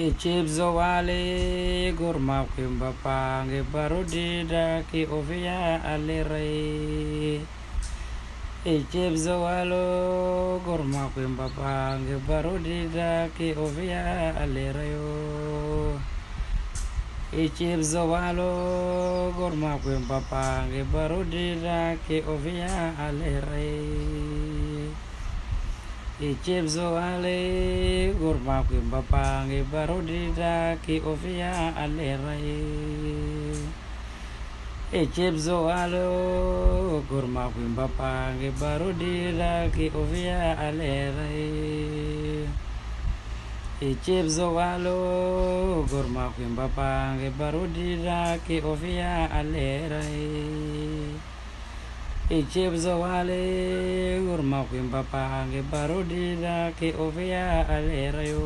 Chibzo wale gurma kimba pange barudida ki ovia alere. Chibzo walo gurma kimba pange barudida ki ovia alere yo. Chibzo gurma kimba pange barudida ki ovia alere. Ichib zoale gurma ki mbapa ngi baru dida ki ofia ale rai. Ichib zoale gurma ki mbapa ngi baru dida ki ofia ale rai. Ichib zoale gurma ki mbapa ngi baru dida ki ofia ale rai. Ije bzo wale urma kwimba pange barudi na ke ovea ya alera yo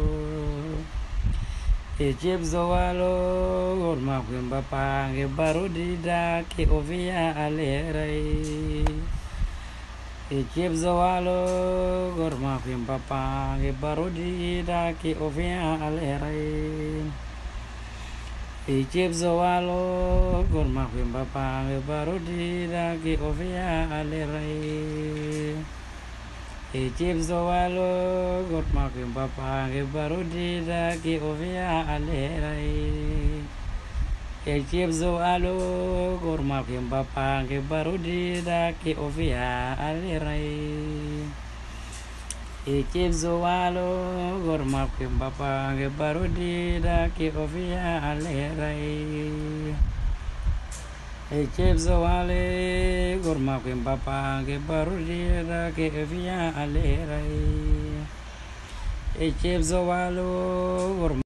Ije bzo walo urma kwimba pange barudi na ke ovea ya alera yo Ije bzo walo urma kwimba pange barudi na ke ovea ya alera yo Ikip zawalo kurma kwimba pange baru dira ki ovia ya alerai. Ikip zawalo kurma kwimba pange baru dira ki ovia ya alerai. Ikip zawalo kurma kwimba pange baru dira ki ovia ya alerai. ikibzu walo gorma kimbapa ge barudi da ki ofia alerai ikibzu wale gorma kimbapa ge barudi da ki ofia alerai ikibzu walo gorma